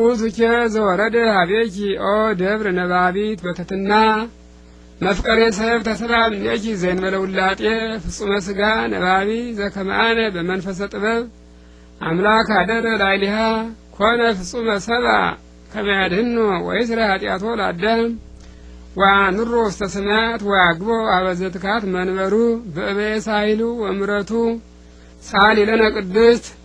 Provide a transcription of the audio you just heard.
ውእቱኬ ዘወረደ ሀቤኪ ኦ ደብር ነባቢት በትሕትና መፍቀሬ ሰብ ተሰላምኔኪ ዘእንበለ ውላጤ ፍጹመ ሥጋ ነባቢ ዘከመአነ በመንፈሰ ጥበብ አምላክ አደረ ላይሊሃ ኮነ ፍጹመ ሰባ ከመ ያድኅኖ ወይስረ ኃጢአቶ ለአዳም ወአኑሮ ውስተ ሰማያት ወአግቦ አበ ዘትካት መንበሩ በእበየ ሳይሉ ወምረቱ ሳሊ ለነ ቅድስት